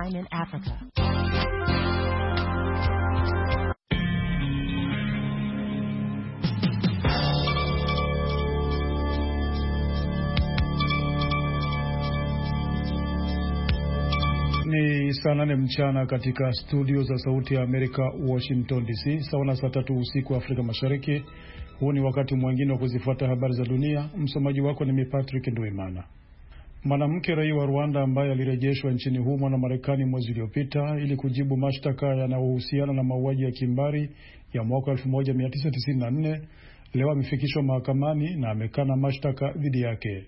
time in Africa. Ni saa nane mchana katika studio za Sauti ya Amerika, Washington DC, sawa na saa tatu usiku wa Afrika Mashariki. Huu ni wakati mwingine wa kuzifuata habari za dunia. Msomaji wako ni mimi Patrick Nduimana. Mwanamke raia wa Rwanda ambaye alirejeshwa nchini humo na Marekani mwezi uliopita ili kujibu mashtaka yanayohusiana na mauaji ya kimbari ya mwaka 1994 leo amefikishwa mahakamani na amekana mashtaka dhidi yake.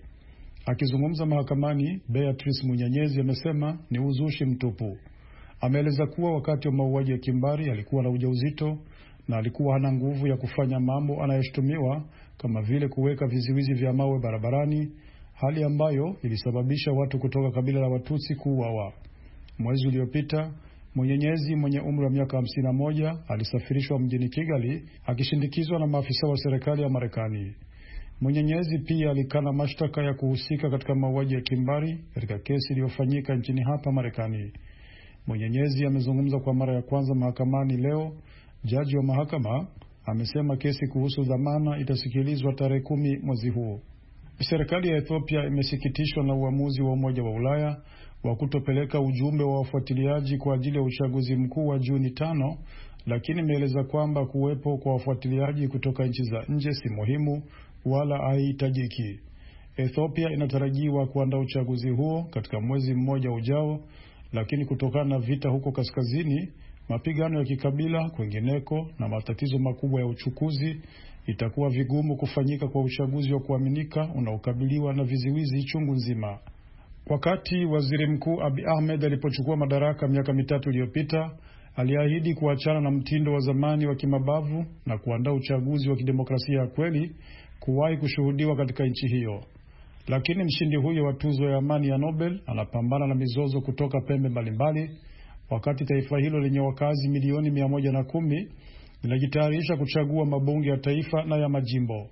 Akizungumza mahakamani, Beatrice Munyenyezi amesema ni uzushi mtupu. Ameeleza kuwa wakati wa mauaji ya kimbari alikuwa na ujauzito na alikuwa hana nguvu ya kufanya mambo anayoshutumiwa kama vile kuweka vizuizi vya mawe barabarani hali ambayo ilisababisha watu kutoka kabila la Watutsi kuuawa. Mwezi uliopita Mwenyenyezi mwenye umri wa miaka moja alisafirishwa mjini Kigali akishindikizwa na maafisa wa serikali ya Marekani. Mwenyenyezi pia alikana mashtaka ya kuhusika katika mauaji ya kimbari katika kesi iliyofanyika nchini hapa Marekani. Mwenyenyezi amezungumza kwa mara ya kwanza mahakamani leo. Jaji wa mahakama amesema kesi kuhusu dhamana itasikilizwa tarehe kumi mwezi huu. Serikali ya Ethiopia imesikitishwa na uamuzi wa Umoja wa Ulaya wa kutopeleka ujumbe wa wafuatiliaji kwa ajili ya uchaguzi mkuu wa Juni tano, lakini imeeleza kwamba kuwepo kwa wafuatiliaji kutoka nchi za nje si muhimu wala haihitajiki. Ethiopia inatarajiwa kuandaa uchaguzi huo katika mwezi mmoja ujao, lakini kutokana na vita huko kaskazini, mapigano ya kikabila kwingineko, na matatizo makubwa ya uchukuzi, itakuwa vigumu kufanyika kwa uchaguzi wa kuaminika unaokabiliwa na viziwizi chungu nzima. Wakati waziri mkuu Abi Ahmed alipochukua madaraka miaka mitatu iliyopita, aliahidi kuachana na mtindo wa zamani wa kimabavu na kuandaa uchaguzi wa kidemokrasia ya kweli kuwahi kushuhudiwa katika nchi hiyo. Lakini mshindi huyo wa tuzo ya amani ya Nobel anapambana na mizozo kutoka pembe mbalimbali, wakati taifa hilo lenye wakazi milioni mia moja na kumi vinajitayarisha kuchagua mabunge ya taifa na ya majimbo.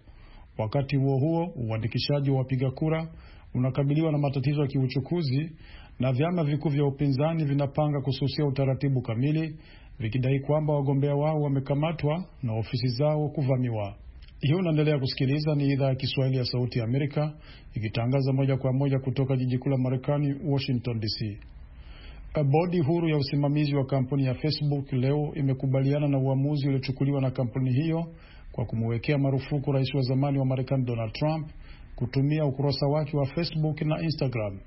Wakati huo huo, uandikishaji wa wapiga kura unakabiliwa na matatizo ya kiuchukuzi na vyama vikuu vya upinzani vinapanga kususia utaratibu kamili, vikidai kwamba wagombea wao wamekamatwa na ofisi zao kuvamiwa. Hiyo unaendelea kusikiliza, ni idhaa ya Kiswahili ya Sauti ya Amerika ikitangaza moja kwa moja kutoka jiji kuu la Marekani, Washington DC. Eh, bodi huru ya usimamizi wa kampuni ya Facebook leo imekubaliana na uamuzi uliochukuliwa na kampuni hiyo kwa kumwekea marufuku rais wa zamani wa Marekani Donald Trump kutumia ukurasa wake wa Facebook na Instagram.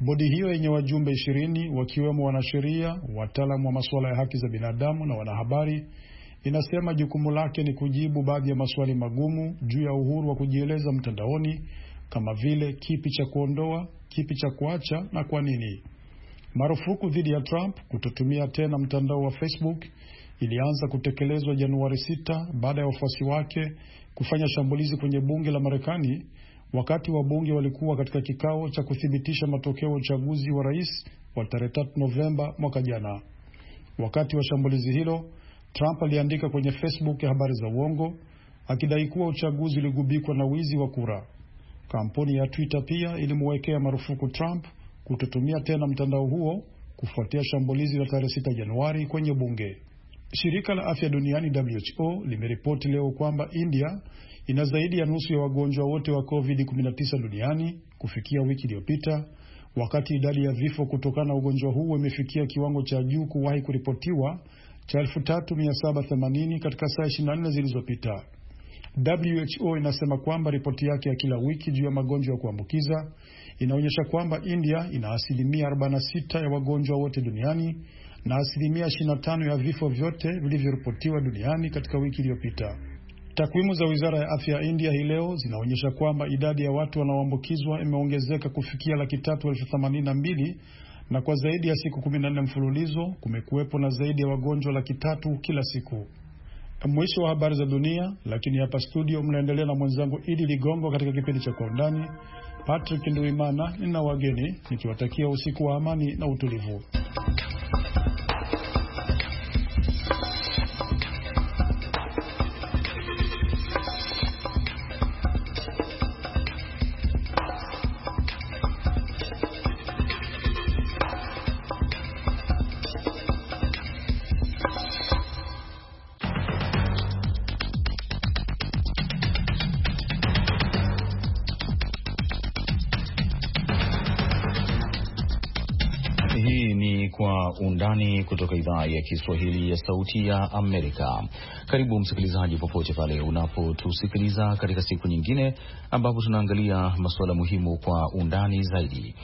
Bodi hiyo yenye wajumbe ishirini wakiwemo wanasheria, wataalamu wa masuala ya haki za binadamu na wanahabari inasema jukumu lake ni kujibu baadhi ya maswali magumu juu ya uhuru wa kujieleza mtandaoni kama vile kipi cha kuondoa, kipi cha kuacha na kwa nini. Marufuku dhidi ya Trump kutotumia tena mtandao wa Facebook ilianza kutekelezwa Januari 6 baada ya wafuasi wake kufanya shambulizi kwenye bunge la Marekani wakati wabunge walikuwa katika kikao cha kuthibitisha matokeo ya uchaguzi wa rais wa tarehe 3 Novemba mwaka jana. Wakati wa shambulizi hilo, Trump aliandika kwenye Facebook ya habari za uongo akidai kuwa uchaguzi uligubikwa na wizi wa kura. Kampuni ya Twitter pia ilimwekea marufuku Trump kutotumia tena mtandao huo kufuatia shambulizi la tarehe 6 Januari kwenye bunge. Shirika la afya duniani WHO limeripoti leo kwamba India ina zaidi ya nusu ya wagonjwa wote wa COVID-19 duniani kufikia wiki iliyopita, wakati idadi ya vifo kutokana na ugonjwa huo imefikia kiwango cha juu kuwahi kuripotiwa cha 3780 katika saa 24 zilizopita. WHO inasema kwamba ripoti yake ya kila wiki juu ya magonjwa ya kuambukiza inaonyesha kwamba India ina asilimia 46 ya wagonjwa wote duniani na asilimia 25 ya vifo vyote vilivyoripotiwa duniani katika wiki iliyopita. Takwimu za wizara ya afya ya India hii leo zinaonyesha kwamba idadi ya watu wanaoambukizwa imeongezeka kufikia laki tatu elfu themanini na mbili na kwa zaidi ya siku kumi na nne mfululizo kumekuwepo na zaidi ya wagonjwa laki tatu kila siku. Mwisho wa habari za dunia, lakini hapa studio mnaendelea na mwenzangu Idi Ligongo katika kipindi cha Kwa Undani. Patrick Nduimana nina wageni nikiwatakia usiku wa amani na utulivu. Undani kutoka idhaa ya Kiswahili ya Sauti ya Amerika. Karibu msikilizaji, popote pale unapotusikiliza katika siku nyingine ambapo tunaangalia masuala muhimu kwa undani zaidi.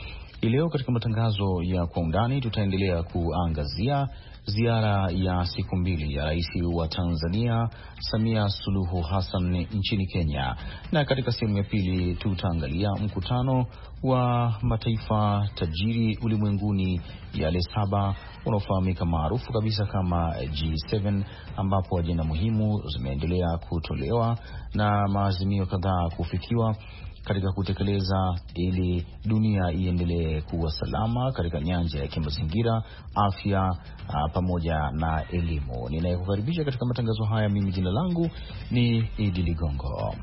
Leo katika matangazo ya kwa undani tutaendelea kuangazia ziara ya siku mbili ya rais wa Tanzania Samia Suluhu Hassan nchini Kenya, na katika sehemu ya pili tutaangalia mkutano wa mataifa tajiri ulimwenguni yale saba unaofahamika maarufu kabisa kama G7, ambapo ajenda muhimu zimeendelea kutolewa na maazimio kadhaa kufikiwa katika kutekeleza ili dunia iendelee kuwa salama katika nyanja ya kimazingira, afya a, ah, pamoja na elimu. Ninayekukaribisha katika matangazo haya mimi jina langu ni Idi Ligongo.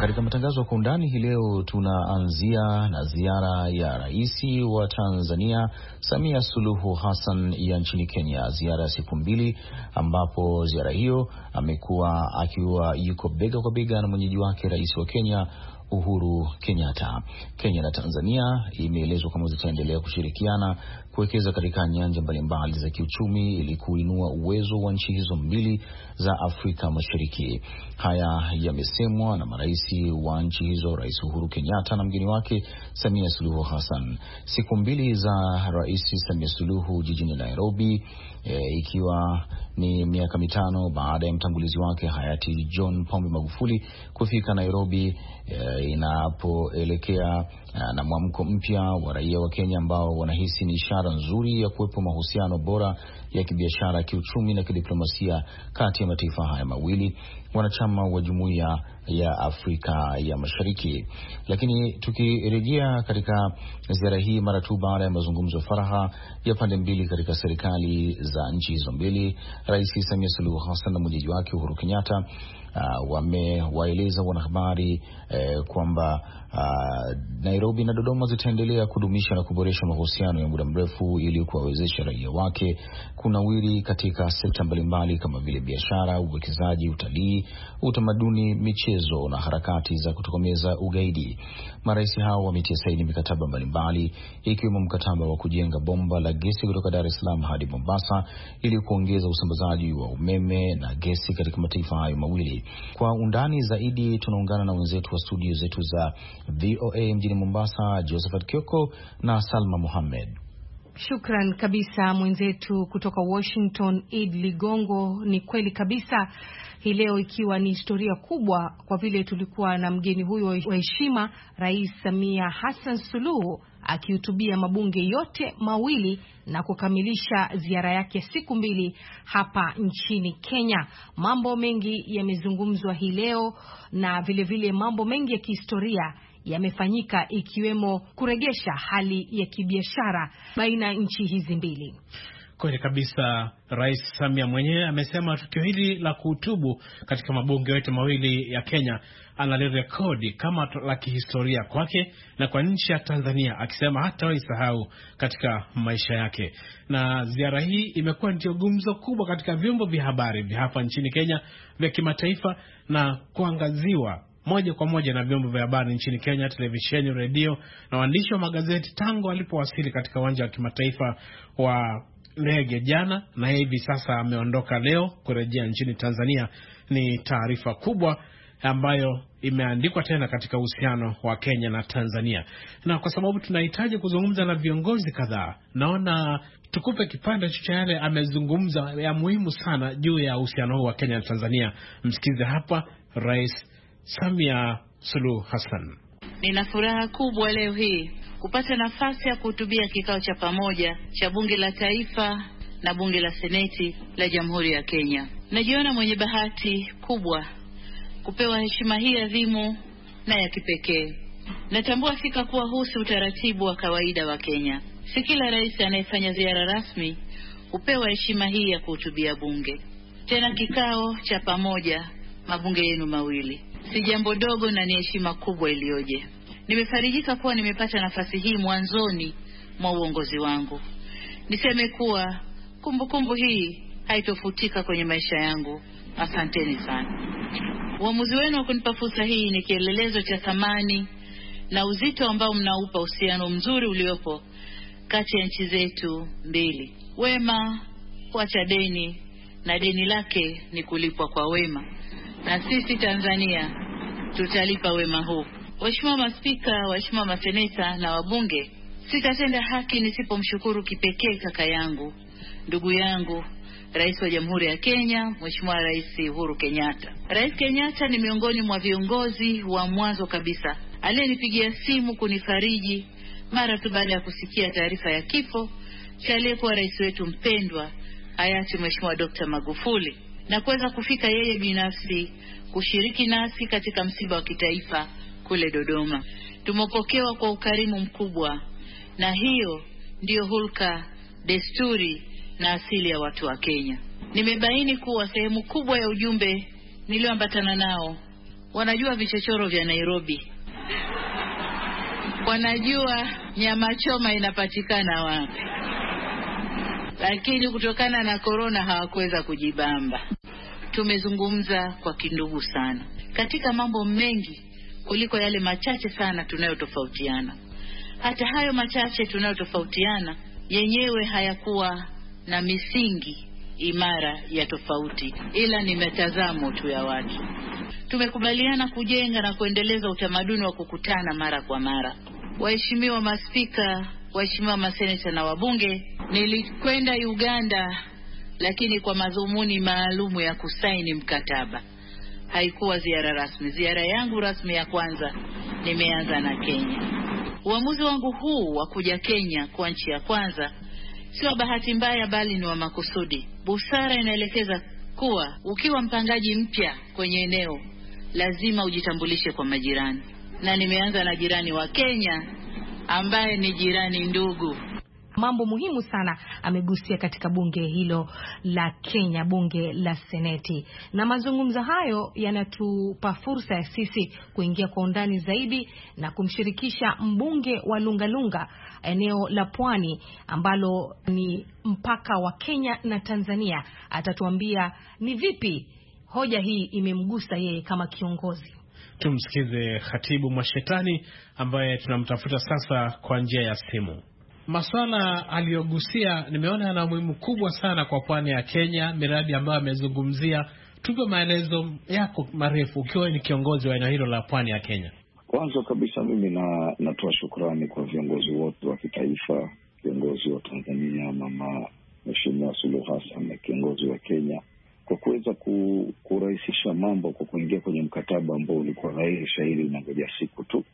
Katika matangazo ya kwa undani hii leo tunaanzia na ziara ya rais wa Tanzania Samia Suluhu Hassan ya nchini Kenya, ziara ya siku mbili, ambapo ziara hiyo amekuwa akiwa yuko bega kwa bega na mwenyeji wake rais wa Kenya Uhuru Kenyatta. Kenya na Tanzania imeelezwa kwamba zitaendelea kushirikiana kuwekeza katika nyanja mbalimbali za kiuchumi ili kuinua uwezo wa nchi hizo mbili za Afrika Mashariki. Haya yamesemwa na marais wa nchi hizo, Rais Uhuru Kenyatta na mgeni wake Samia Suluhu Hassan, siku mbili za Rais Samia Suluhu jijini Nairobi, e, ikiwa ni miaka mitano baada ya mtangulizi wake hayati John Pombe Magufuli kufika Nairobi eh, inapoelekea na mwamko mpya wa raia wa Kenya ambao wanahisi ni ishara nzuri ya kuwepo mahusiano bora ya kibiashara, kiuchumi na kidiplomasia kati ya mataifa haya mawili wanachama wa jumuiya ya Afrika ya Mashariki. Lakini tukirejea katika ziara hii, mara tu baada ya mazungumzo faraha ya pande mbili katika serikali za nchi hizo mbili, Rais Samia Suluhu Hassan na mwenyeji wake Uhuru Kenyatta uh, wamewaeleza wanahabari eh, kwamba uh, Nairobi na Dodoma zitaendelea kudumisha na kuboresha mahusiano ya muda mrefu ili kuwawezesha raia wake kunawiri katika sekta mbalimbali kama vile biashara, uwekezaji, utalii, utamaduni, michezo na harakati za kutokomeza ugaidi. Marais hao wametia saini mikataba mbalimbali ikiwemo mkataba wa kujenga bomba la gesi kutoka Dar es Salaam hadi Mombasa ili kuongeza usambazaji wa umeme na gesi katika mataifa hayo mawili. Kwa undani zaidi tunaungana na wenzetu wa studio zetu za VOA mjini Mombasa Mombasa, Josephat Kioko na Salma Mohamed. Shukran kabisa mwenzetu kutoka Washington, Id Ligongo. Ni kweli kabisa, hii leo ikiwa ni historia kubwa, kwa vile tulikuwa na mgeni huyo wa heshima, Rais Samia Hassan Suluhu akihutubia mabunge yote mawili na kukamilisha ziara yake siku mbili hapa nchini Kenya. Mambo mengi yamezungumzwa hii leo na vilevile vile mambo mengi ya kihistoria yamefanyika ikiwemo kuregesha hali ya kibiashara baina ya nchi hizi mbili. Kweli kabisa. Rais Samia mwenyewe amesema tukio hili la kuhutubu katika mabunge yote mawili ya Kenya analirekodi kama la kihistoria kwake na kwa nchi ya Tanzania, akisema hata waisahau katika maisha yake. Na ziara hii imekuwa ndio gumzo kubwa katika vyombo vya habari vya hapa nchini Kenya, vya kimataifa na kuangaziwa moja kwa moja na vyombo vya habari nchini Kenya, televisheni, redio na waandishi wa magazeti tangu alipowasili katika uwanja wa kimataifa wa ndege jana na hivi sasa ameondoka leo kurejea nchini Tanzania. Ni taarifa kubwa ambayo imeandikwa tena katika uhusiano wa Kenya na Tanzania, na kwa sababu tunahitaji kuzungumza na viongozi kadhaa, naona tukupe kipande cha yale amezungumza ya muhimu sana juu ya uhusiano huu wa Kenya na Tanzania. Msikize hapa Rais Samia Suluhu Hassan. Nina furaha kubwa leo hii kupata nafasi ya kuhutubia kikao cha pamoja cha Bunge la Taifa na Bunge la Seneti la Jamhuri ya Kenya. Najiona mwenye bahati kubwa kupewa heshima hii adhimu na ya kipekee. Natambua fika kuwa huu si utaratibu wa kawaida wa Kenya. Si kila rais anayefanya ziara rasmi hupewa heshima hii ya kuhutubia bunge, tena kikao cha pamoja mabunge yenu mawili si jambo dogo na ni heshima kubwa iliyoje. Nimefarijika kuwa nimepata nafasi hii mwanzoni mwa uongozi wangu. Niseme kuwa kumbukumbu hii haitofutika kwenye maisha yangu. Asanteni sana. Uamuzi wenu wa kunipa fursa hii ni kielelezo cha thamani na uzito ambao mnaupa uhusiano mzuri uliopo kati ya nchi zetu mbili. Wema huacha deni na deni lake ni kulipwa kwa wema na sisi Tanzania tutalipa wema huu. Waheshimiwa maspika, waheshimiwa maseneta na wabunge, sitatenda haki nisipomshukuru kipekee kaka yangu, ndugu yangu, Rais wa Jamhuri ya Kenya, Mheshimiwa Rais Uhuru Kenyatta. Rais Kenyatta ni miongoni mwa viongozi wa mwanzo kabisa aliyenipigia simu kunifariji mara tu baada ya kusikia taarifa ya kifo cha aliyekuwa rais wetu mpendwa hayati Mheshimiwa Dr. Magufuli na kuweza kufika yeye binafsi kushiriki nasi katika msiba wa kitaifa kule Dodoma. Tumepokewa kwa ukarimu mkubwa, na hiyo ndiyo hulka, desturi na asili ya watu wa Kenya. Nimebaini kuwa sehemu kubwa ya ujumbe niliyoambatana nao wanajua vichochoro vya Nairobi, wanajua nyama choma inapatikana wapi, lakini kutokana na korona hawakuweza kujibamba tumezungumza kwa kindugu sana katika mambo mengi kuliko yale machache sana tunayotofautiana. Hata hayo machache tunayotofautiana yenyewe hayakuwa na misingi imara ya tofauti, ila ni mitazamo tu ya watu. Tumekubaliana kujenga na kuendeleza utamaduni wa kukutana mara kwa mara. Waheshimiwa maspika, waheshimiwa maseneta na wabunge, nilikwenda Uganda lakini kwa madhumuni maalumu ya kusaini mkataba. Haikuwa ziara rasmi. Ziara yangu rasmi ya kwanza nimeanza na Kenya. Uamuzi wangu huu wa kuja Kenya kwa nchi ya kwanza sio bahati mbaya, bali ni wa makusudi. Busara inaelekeza kuwa ukiwa mpangaji mpya kwenye eneo lazima ujitambulishe kwa majirani, na nimeanza na jirani wa Kenya ambaye ni jirani ndugu mambo muhimu sana amegusia katika bunge hilo la Kenya, bunge la Seneti, na mazungumzo hayo yanatupa fursa ya sisi kuingia kwa undani zaidi na kumshirikisha mbunge wa Lungalunga eneo la Pwani ambalo ni mpaka wa Kenya na Tanzania. Atatuambia ni vipi hoja hii imemgusa yeye kama kiongozi. Tumsikize Khatibu Mwashetani ambaye tunamtafuta sasa kwa njia ya simu. Maswala aliyogusia nimeona yana umuhimu kubwa sana kwa pwani ya Kenya, miradi ambayo amezungumzia. Tupe maelezo yako marefu, ukiwa ni kiongozi wa eneo hilo la pwani ya Kenya. Kwanza kabisa, mimi na natoa shukrani kwa viongozi wote wa kitaifa, viongozi wa Tanzania, mama Mheshimiwa Suluhu Hassan na kiongozi wa Kenya kwa kuweza kurahisisha mambo kwa kuingia kwenye mkataba ambao ulikuwa dhahiri shahiri unangoja siku tu,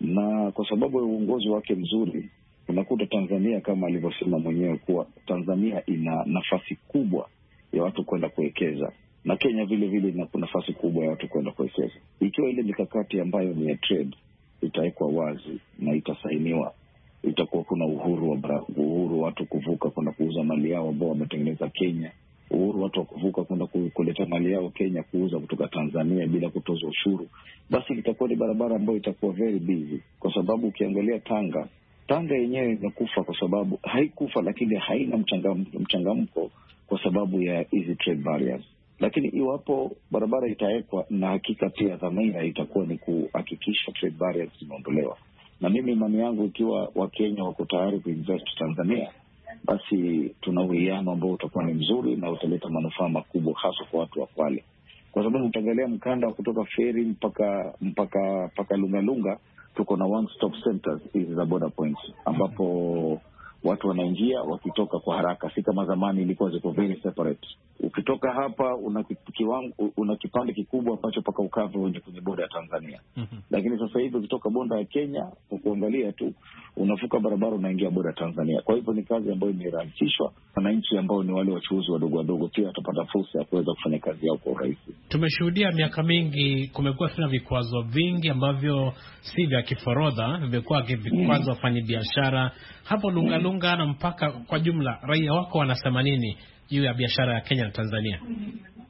na kwa sababu ya uongozi wake mzuri unakuta Tanzania kama alivyosema mwenyewe kuwa Tanzania ina nafasi kubwa ya watu kwenda kuwekeza na Kenya vile vile ina nafasi kubwa ya watu kwenda kuwekeza, ikiwa ile mikakati ambayo ni ya trade itawekwa wazi na itasainiwa, itakuwa kuna uhuru wa bra, uhuru watu kuvuka kwenda kuuza mali yao ambao wametengeneza Kenya, uhuru watu wa kuvuka kwenda kuleta mali yao Kenya kuuza kutoka Tanzania bila kutoza ushuru, basi litakuwa ni barabara ambayo itakuwa very busy, kwa sababu ukiangalia Tanga Tanga yenyewe imekufa kwa sababu haikufa, lakini haina mchangamko, kwa sababu ya hizi trade barriers. Lakini iwapo barabara itawekwa, na hakika pia dhamira itakuwa ni kuhakikisha trade barriers zimeondolewa, na mimi imani yangu, ikiwa Wakenya wako tayari kuinvest Tanzania, basi tuna uwiano ambao utakuwa ni mzuri na utaleta manufaa makubwa hasa kwa watu wa Kwale, kwa sababu ukiangalia mkanda wa kutoka feri mpaka mpaka mpaka Lungalunga tuko na one stop centers hizi za border points ambapo watu wanaingia wakitoka kwa haraka, si kama zamani ilikuwa ziko very separate ukitoka hapa una, una kipande kikubwa ambacho mpaka ukavu wenye kwenye boda ya Tanzania mm -hmm. Lakini sasa hivi ukitoka bonda ya Kenya kwa kuangalia tu unavuka barabara unaingia boda ya Tanzania. Kwa hivyo ni kazi ambayo imerahisishwa. Wananchi ambao ni wale wachuuzi wadogo wadogo pia watapata fursa ya kuweza kufanya kazi yao kwa urahisi. Tumeshuhudia miaka mingi kumekuwa sina vikwazo vingi ambavyo si vya kiforodha, vimekuwa vikwazo mm. biashara hapo Lungalunga mm -hmm. na mpaka kwa jumla raia wako wanasema nini? juu ya biashara ya Kenya na Tanzania?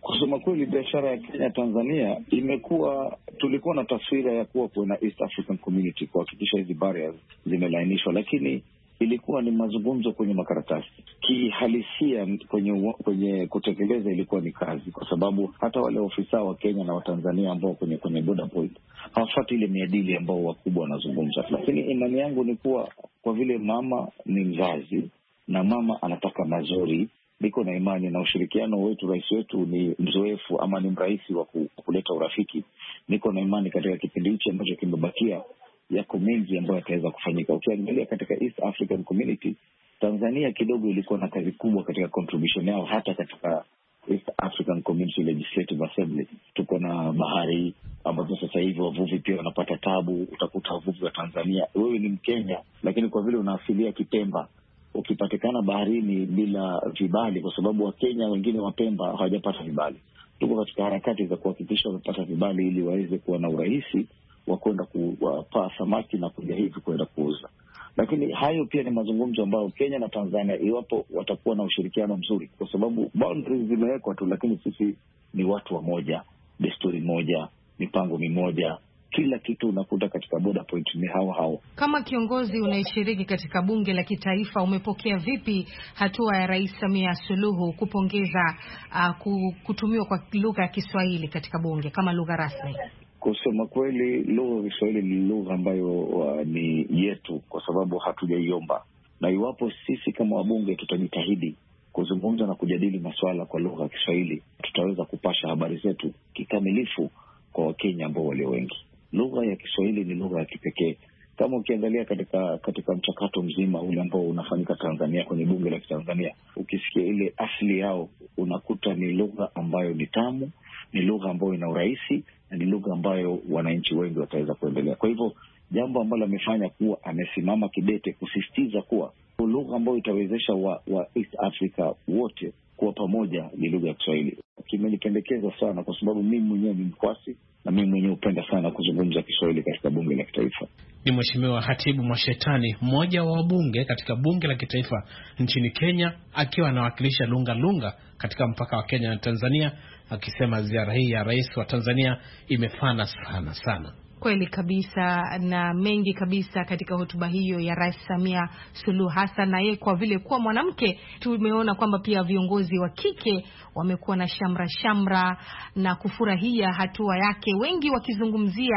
Kusema kweli, biashara ya Kenya Tanzania imekuwa, tulikuwa na taswira ya kuwa kuna East African Community kuhakikisha hizi barriers zimelainishwa, lakini ilikuwa ni mazungumzo kwenye makaratasi. Kihalisia kwenye, kwenye kutekeleza ilikuwa ni kazi, kwa sababu hata wale ofisa wa Kenya na Watanzania ambao kwenye kwenye border point hawafuati ile miadili ambao wakubwa wanazungumza. Lakini imani yangu ni kuwa kwa vile mama ni mzazi na mama anataka mazuri niko na imani na ushirikiano wetu. Rais wetu ni mzoefu ama ni mrahisi wa kuleta urafiki. Niko na imani katika kipindi hichi ambacho kimebakia, yako mengi ambayo yataweza kufanyika. Ukiangalia katika East African Community, Tanzania kidogo ilikuwa na kazi kubwa katika contribution yao, hata katika East African Community Legislative Assembly. Tuko na bahari ambazo sasa hivi wavuvi pia wanapata tabu. Utakuta wavuvi wa Tanzania, wewe ni Mkenya, lakini kwa vile unaasilia Kipemba ukipatikana baharini bila vibali, kwa sababu Wakenya wengine wa Pemba hawajapata vibali. Tuko katika harakati za kuhakikisha wamepata vibali ili waweze kuwa na urahisi wa kwenda kuwapaa samaki na kuja hivi kwenda kuuza. Lakini hayo pia ni mazungumzo ambayo Kenya na Tanzania, iwapo watakuwa na ushirikiano mzuri, kwa sababu boundaries zimewekwa tu, lakini sisi ni watu wa moja, desturi moja, mipango mimoja kila kitu unakuta katika Boda Point ni hao hao. Kama kiongozi unaishiriki katika bunge la kitaifa, umepokea vipi hatua ya Rais Samia Suluhu kupongeza uh, kutumiwa kwa lugha ya Kiswahili katika bunge kama lugha rasmi? Kusema kweli, lugha ya Kiswahili ni lugha ambayo uh, ni yetu kwa sababu hatujaiomba, na iwapo sisi kama wabunge tutajitahidi kuzungumza na kujadili masuala kwa lugha ya Kiswahili tutaweza kupasha habari zetu kikamilifu kwa Wakenya ambao walio wengi lugha ya Kiswahili ni lugha ya kipekee. Kama ukiangalia katika katika mchakato mzima ule ambao unafanyika Tanzania kwenye bunge la Kitanzania, ukisikia ile asili yao unakuta ni lugha ambayo ni tamu, ni lugha ambayo ina urahisi na ni lugha ambayo wananchi wengi wataweza kuendelea. Kwa hivyo jambo ambalo amefanya kuwa amesimama kidete kusisitiza kuwa lugha ambayo itawezesha wa, wa East Africa wote kuwa pamoja ni lugha ya Kiswahili kimenipendekeza sana, kwa sababu mimi mwenyewe ni mkwasi na mimi mwenyewe hupenda sana kuzungumza Kiswahili katika bunge la kitaifa. Ni Mheshimiwa Hatibu Mwashetani, mmoja wa wabunge katika bunge la kitaifa nchini Kenya, akiwa anawakilisha Lunga Lunga katika mpaka wa Kenya na Tanzania, akisema ziara hii ya rais wa Tanzania imefana sana sana kweli kabisa na mengi kabisa katika hotuba hiyo ya Rais Samia Suluhu Hassan, na yeye kwa vile kuwa mwanamke, tumeona kwamba pia viongozi wa kike wamekuwa na shamra shamra na kufurahia hatua yake, wengi wakizungumzia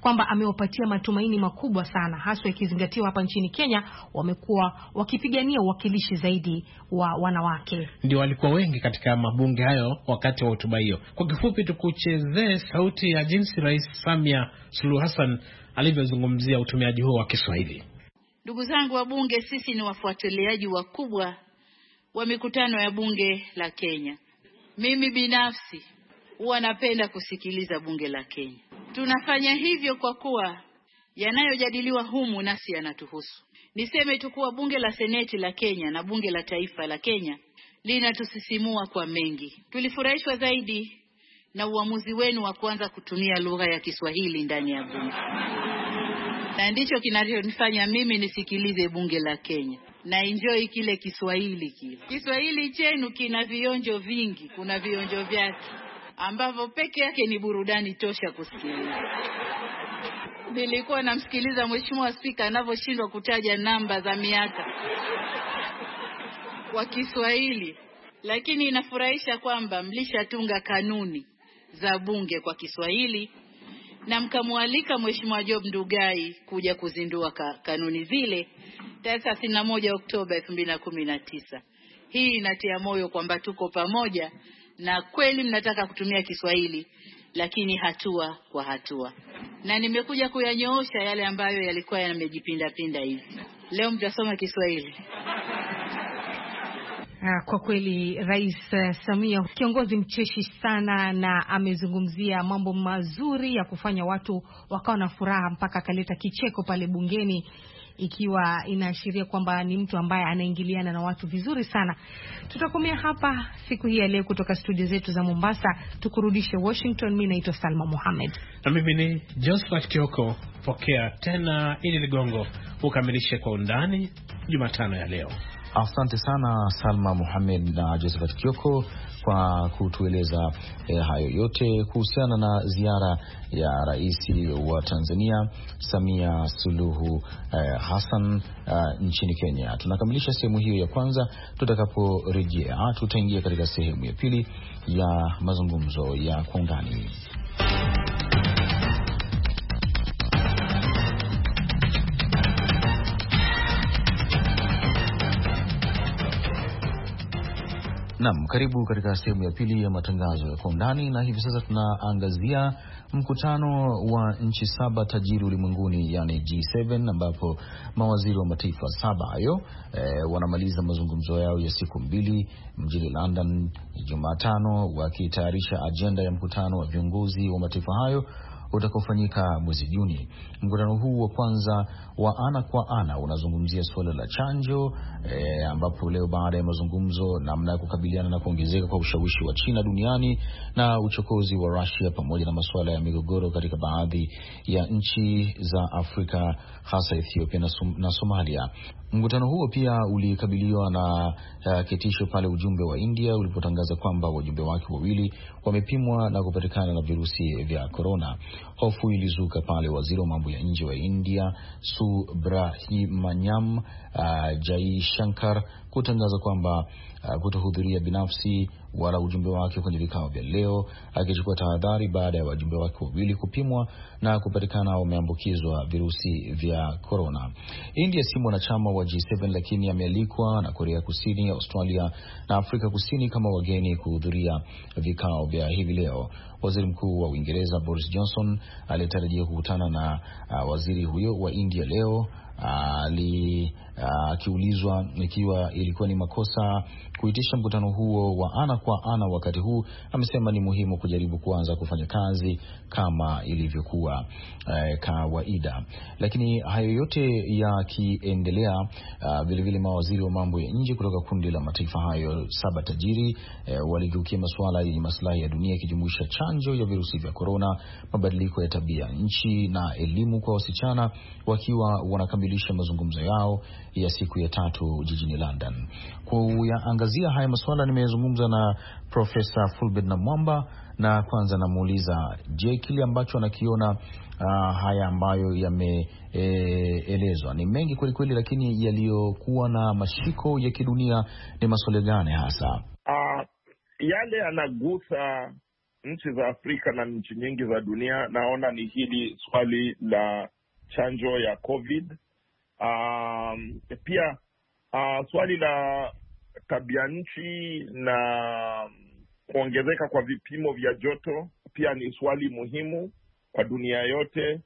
kwamba amewapatia matumaini makubwa sana, haswa ikizingatiwa hapa nchini Kenya wamekuwa wakipigania uwakilishi zaidi wa wanawake, ndio walikuwa wengi katika mabunge hayo wakati wa hotuba hiyo. Kwa kifupi, tukuchezee sauti ya jinsi Rais Samia Suluhu Suluhu Hassan alivyozungumzia utumiaji huo wa Kiswahili. Ndugu zangu wa bunge sisi ni wafuatiliaji wakubwa wa mikutano ya bunge la Kenya. Mimi binafsi huwa napenda kusikiliza bunge la Kenya. Tunafanya hivyo kwa kuwa yanayojadiliwa humu nasi yanatuhusu. Niseme tu kuwa bunge la seneti la Kenya na bunge la taifa la Kenya linatusisimua kwa mengi. Tulifurahishwa zaidi na uamuzi wenu wa kuanza kutumia lugha ya Kiswahili ndani ya bunge. Na ndicho kinachonifanya mimi nisikilize bunge la Kenya na enjoy kile Kiswahili kile. Kiswahili chenu kina vionjo vingi, kuna vionjo vyake ambavyo peke yake ni burudani tosha kusikiliza. Nilikuwa namsikiliza Mheshimiwa Spika anavyoshindwa kutaja namba za miaka kwa Kiswahili, lakini inafurahisha kwamba mlishatunga kanuni za bunge kwa Kiswahili na mkamwalika Mheshimiwa Job Ndugai kuja kuzindua ka, kanuni zile tarehe 31 Oktoba 2019. Hii inatia moyo kwamba tuko pamoja na kweli mnataka kutumia Kiswahili lakini hatua kwa hatua, na nimekuja kuyanyoosha yale ambayo yalikuwa yamejipindapinda hivi. Leo mtasoma Kiswahili. Ah, kwa kweli Rais eh, Samia kiongozi mcheshi sana, na amezungumzia mambo mazuri ya kufanya watu wakawa na furaha, mpaka akaleta kicheko pale bungeni, ikiwa inaashiria kwamba ni mtu ambaye anaingiliana na watu vizuri sana. Tutakomea hapa siku hii ya leo, kutoka studio zetu za Mombasa, tukurudishe Washington. Mi naitwa Salma Mohamed na mimi ni Josephat Kioko. Pokea tena ili ligongo ukamilishe kwa undani Jumatano ya leo. Asante sana Salma Muhamed na Josephat Kioko kwa kutueleza eh, hayo yote kuhusiana na ziara ya rais wa Tanzania Samia Suluhu eh, Hassan eh, nchini Kenya. Tunakamilisha sehemu hiyo ya kwanza. Tutakaporejea tutaingia katika sehemu ya pili ya mazungumzo ya kwa undani. Naam, karibu katika sehemu ya pili ya matangazo ya kwa undani, na hivi sasa tunaangazia mkutano wa nchi saba tajiri ulimwenguni, yani G7, ambapo mawaziri wa mataifa saba hayo e, wanamaliza mazungumzo yao ya siku mbili mjini London Jumatano, wakitayarisha ajenda ya mkutano wa viongozi wa mataifa hayo utakaofanyika mwezi Juni. Mkutano huu wa kwanza wa ana kwa ana unazungumzia suala la chanjo e, ambapo leo baada ya mazungumzo namna ya kukabiliana na kuongezeka kwa ushawishi wa China duniani na uchokozi wa rasia pamoja na masuala ya migogoro katika baadhi ya nchi za Afrika hasa Ethiopia na, Som na Somalia. Mkutano huo pia ulikabiliwa na uh, eh, kitisho pale ujumbe wa India ulipotangaza kwamba wajumbe wake wawili wamepimwa na kupatikana na virusi vya korona. Hofu ilizuka pale waziri wa mambo ya nje wa India Subrahimanyam uh, Jai Shankar kutangaza kwamba uh, kutohudhuria binafsi wala ujumbe wake kwenye vikao vya leo, akichukua tahadhari baada ya wajumbe wake wawili kupimwa na kupatikana wameambukizwa virusi vya korona. India si mwanachama wa G7 lakini amealikwa na Korea Kusini, Australia na Afrika Kusini kama wageni kuhudhuria vikao vya hivi leo. Waziri Mkuu wa Uingereza Boris Johnson aliyetarajia kukutana na uh, waziri huyo wa India leo uh, li, akiulizwa ikiwa ilikuwa ni makosa kuitisha mkutano huo wa ana kwa ana wakati huu, amesema ni muhimu kujaribu kuanza kufanya kazi kama ilivyokuwa uh, kawaida. Lakini hayo yote yakiendelea, vilevile ah, mawaziri wa mambo ya nje kutoka kundi la mataifa hayo saba tajiri uh, waligeukia masuala yenye masilahi ya dunia ikijumuisha chanjo ya virusi vya korona, mabadiliko ya tabia nchi na elimu kwa wasichana, wakiwa wanakamilisha mazungumzo yao ya siku ya tatu jijini London. Kuyaangazia haya masuala, nimezungumza na Profesa Fulbert Namwamba na kwanza namuuliza, je, kile ambacho anakiona uh, haya ambayo yameelezwa e, ni mengi kwelikweli, lakini yaliyokuwa na mashiko ya kidunia ni masuala gani hasa? Uh, yale yanagusa nchi za Afrika na nchi nyingi za dunia. Naona ni hili swali la chanjo ya COVID Um, pia uh, swali la tabia nchi na um, kuongezeka kwa vipimo vya joto pia ni swali muhimu kwa dunia yote.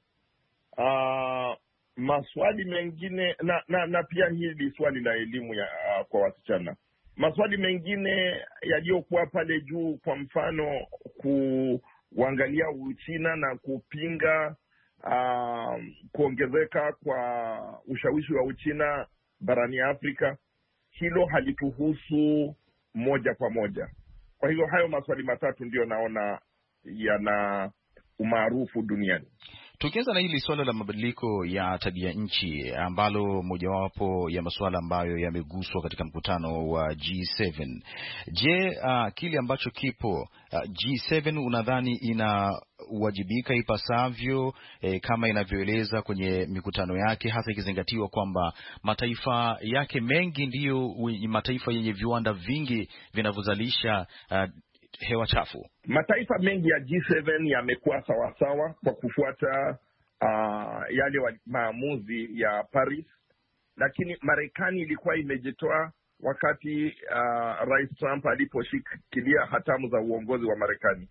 Uh, maswali mengine na, na, na pia hili swali la elimu ya, uh, kwa wasichana. Maswali mengine yaliyokuwa pale juu, kwa mfano kuangalia Uchina na kupinga uh, kuongezeka kwa ushawishi wa Uchina barani Afrika, hilo halituhusu moja kwa moja. Kwa hivyo hayo maswali matatu ndiyo naona yana umaarufu duniani. Tukianza na hili suala la mabadiliko ya tabia nchi ambalo mojawapo ya masuala ambayo yameguswa katika mkutano wa G7. Je, uh, kile ambacho kipo uh, ah, G7 unadhani inawajibika ipasavyo eh, kama inavyoeleza kwenye mikutano yake, hasa ikizingatiwa kwamba mataifa yake mengi ndiyo mataifa yenye viwanda vingi vinavyozalisha uh, hewa chafu. Mataifa mengi ya G7 yamekuwa sawasawa kwa kufuata uh, yale wa, maamuzi ya Paris, lakini Marekani ilikuwa imejitoa wakati uh, Rais Trump aliposhikilia hatamu za uongozi wa Marekani.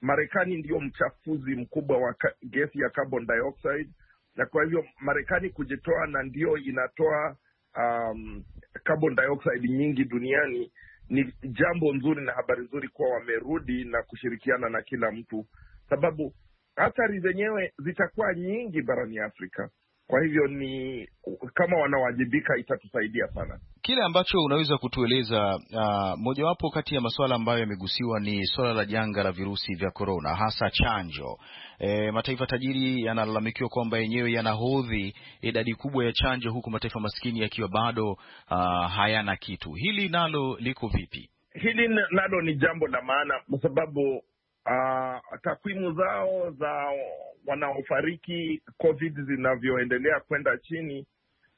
Marekani ndiyo mchafuzi mkubwa wa gesi ya carbon dioxide, na kwa hivyo Marekani kujitoa na ndiyo inatoa um, carbon dioxide nyingi duniani ni jambo nzuri na habari nzuri kuwa wamerudi na kushirikiana na kila mtu, sababu athari zenyewe zitakuwa nyingi barani Afrika. Kwa hivyo ni kama wanawajibika, itatusaidia sana. Kile ambacho unaweza kutueleza uh, mojawapo kati ya masuala ambayo yamegusiwa ni suala la janga la virusi vya korona, hasa chanjo. E, mataifa tajiri yanalalamikiwa kwamba yenyewe yanahodhi idadi kubwa ya chanjo, huku mataifa maskini yakiwa bado uh, hayana kitu. Hili nalo liko vipi? Hili nalo ni jambo la maana kwa sababu uh, takwimu zao za wanaofariki COVID zinavyoendelea kwenda chini,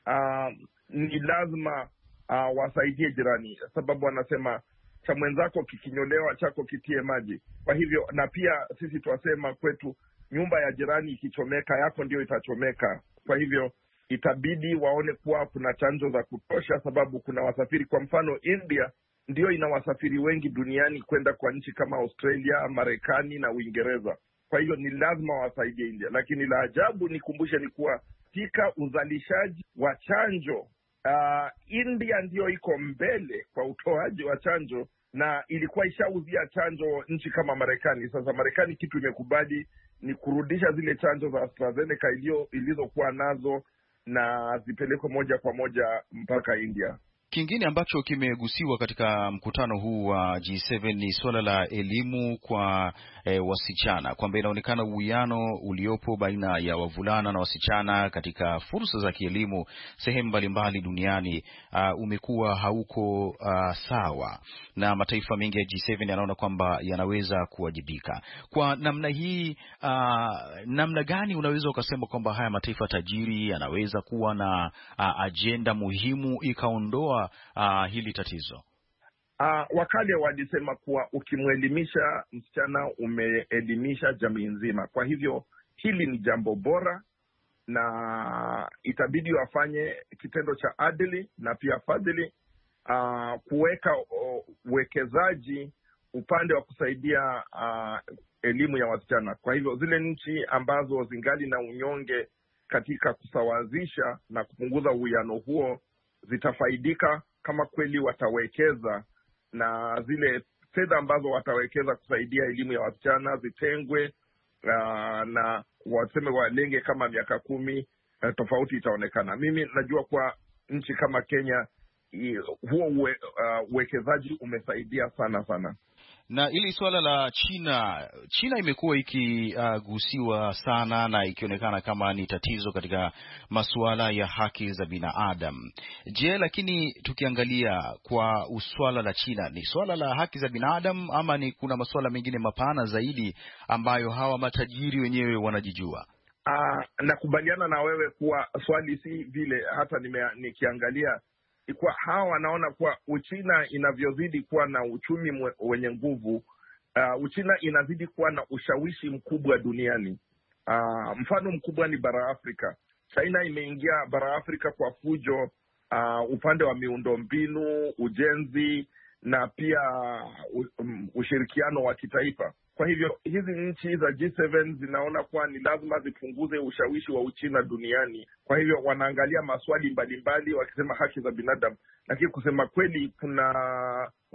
uh, ni lazima uh, wasaidie jirani, sababu wanasema cha mwenzako kikinyolewa chako kitie maji. Kwa hivyo, na pia sisi twasema kwetu, nyumba ya jirani ikichomeka, yako ndio itachomeka. Kwa hivyo, itabidi waone kuwa kuna chanjo za kutosha, sababu kuna wasafiri. Kwa mfano, India ndio ina wasafiri wengi duniani kwenda kwa nchi kama Australia, Marekani na Uingereza. Kwa hiyo ni lazima wasaidie India, lakini la ajabu nikumbushe ni kuwa katika uzalishaji wa chanjo uh, India ndiyo iko mbele kwa utoaji wa chanjo na ilikuwa ishauzia chanjo nchi kama Marekani. Sasa Marekani kitu imekubali ni kurudisha zile chanjo za AstraZeneca ilizokuwa nazo na zipelekwe moja kwa moja mpaka India. Kingine ambacho kimegusiwa katika mkutano huu wa G7 ni suala la elimu kwa e, wasichana kwamba inaonekana uwiano uliopo baina ya wavulana na wasichana katika fursa za kielimu sehemu mbalimbali duniani uh, umekuwa hauko uh, sawa, na mataifa mengi ya G7 yanaona kwamba yanaweza kuwajibika kwa namna hii. Uh, namna gani unaweza ukasema kwamba haya mataifa tajiri yanaweza kuwa na uh, ajenda muhimu ikaondoa kutatua uh, hili tatizo? Uh, wakale walisema kuwa ukimwelimisha msichana umeelimisha jamii nzima. Kwa hivyo hili ni jambo bora na itabidi wafanye kitendo cha adili na pia fadhili, uh, kuweka uwekezaji upande wa kusaidia uh, elimu ya wasichana. Kwa hivyo zile nchi ambazo zingali na unyonge katika kusawazisha na kupunguza uwiano huo zitafaidika kama kweli watawekeza na zile fedha ambazo watawekeza kusaidia elimu ya wasichana zitengwe, uh, na waseme walenge kama miaka kumi, uh, tofauti itaonekana. Mimi najua kwa nchi kama Kenya huo uh, uwekezaji uh, umesaidia sana sana na ili suala la China, China imekuwa ikigusiwa uh, sana na ikionekana kama ni tatizo katika masuala ya haki za binadam Je, lakini tukiangalia kwa swala la China, ni swala la haki za binadam ama ni kuna masuala mengine mapana zaidi ambayo hawa matajiri wenyewe wanajijua? Uh, nakubaliana na wewe kuwa swali si vile, hata nime, nikiangalia kwa hawa wanaona kuwa Uchina inavyozidi kuwa na uchumi wenye nguvu uh, Uchina inazidi kuwa na ushawishi mkubwa duniani. Uh, mfano mkubwa ni bara Afrika. China imeingia bara Afrika kwa fujo uh, upande wa miundombinu, ujenzi na pia uh, um, ushirikiano wa kitaifa. Kwa hivyo hizi nchi za G7 zinaona kuwa ni lazima zipunguze ushawishi wa Uchina duniani. Kwa hivyo wanaangalia maswali mbalimbali, wakisema haki za binadamu, lakini kusema kweli, kuna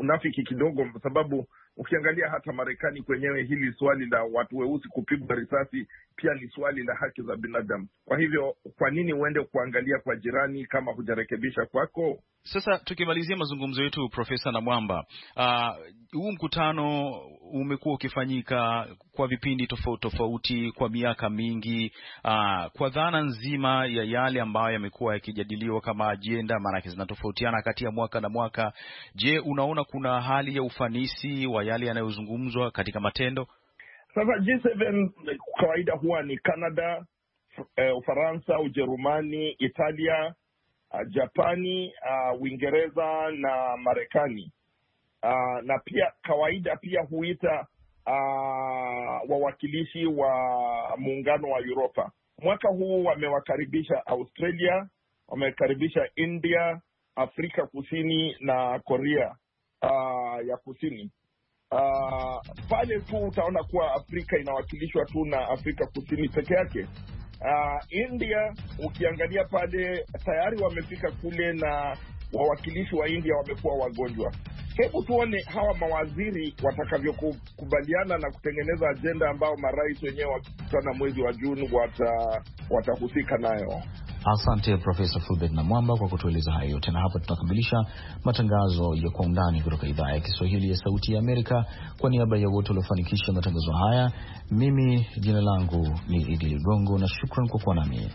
unafiki kidogo, kwa sababu ukiangalia hata Marekani kwenyewe hili swali la watu weusi kupigwa risasi pia ni swali la haki za binadamu. Kwa hivyo, kwa nini uende kuangalia kwa jirani kama hujarekebisha kwako? Sasa tukimalizia mazungumzo yetu, Profesa Namwamba, ah, huu uh, mkutano umekuwa ukifanyika kwa vipindi tofauti tofauti kwa miaka mingi, uh, kwa dhana nzima ya yale ambayo yamekuwa yakijadiliwa kama ajenda, maanake zinatofautiana kati ya mwaka na mwaka. Je, unaona kuna hali ya ufanisi wa yale yanayozungumzwa katika matendo? Sasa G7 kawaida huwa ni Canada, uh, Ufaransa, Ujerumani, Italia, uh, Japani, uh, Uingereza na Marekani. Uh, na pia kawaida pia huita uh, wawakilishi wa muungano wa Uropa. Mwaka huu wamewakaribisha Australia, wamekaribisha India, Afrika Kusini na Korea uh, ya kusini uh, pale tu utaona kuwa Afrika inawakilishwa tu na Afrika kusini peke yake. Uh, India ukiangalia pale tayari wamefika kule na wawakilishi wa India wamekuwa wagonjwa. Hebu tuone hawa mawaziri watakavyokubaliana na kutengeneza ajenda ambayo marais wenyewe wakikutana mwezi wa Juni wata, watahusika nayo. Asante Profesa Fulbert na Mwamba kwa kutueleza hayo yote, na hapa tunakamilisha matangazo ya Kwa Undani kutoka idhaa ya Kiswahili ya Sauti ya Amerika. Kwa niaba ya wote waliofanikisha matangazo haya, mimi jina langu ni Idi Ligongo na shukran kwa kuwa nami.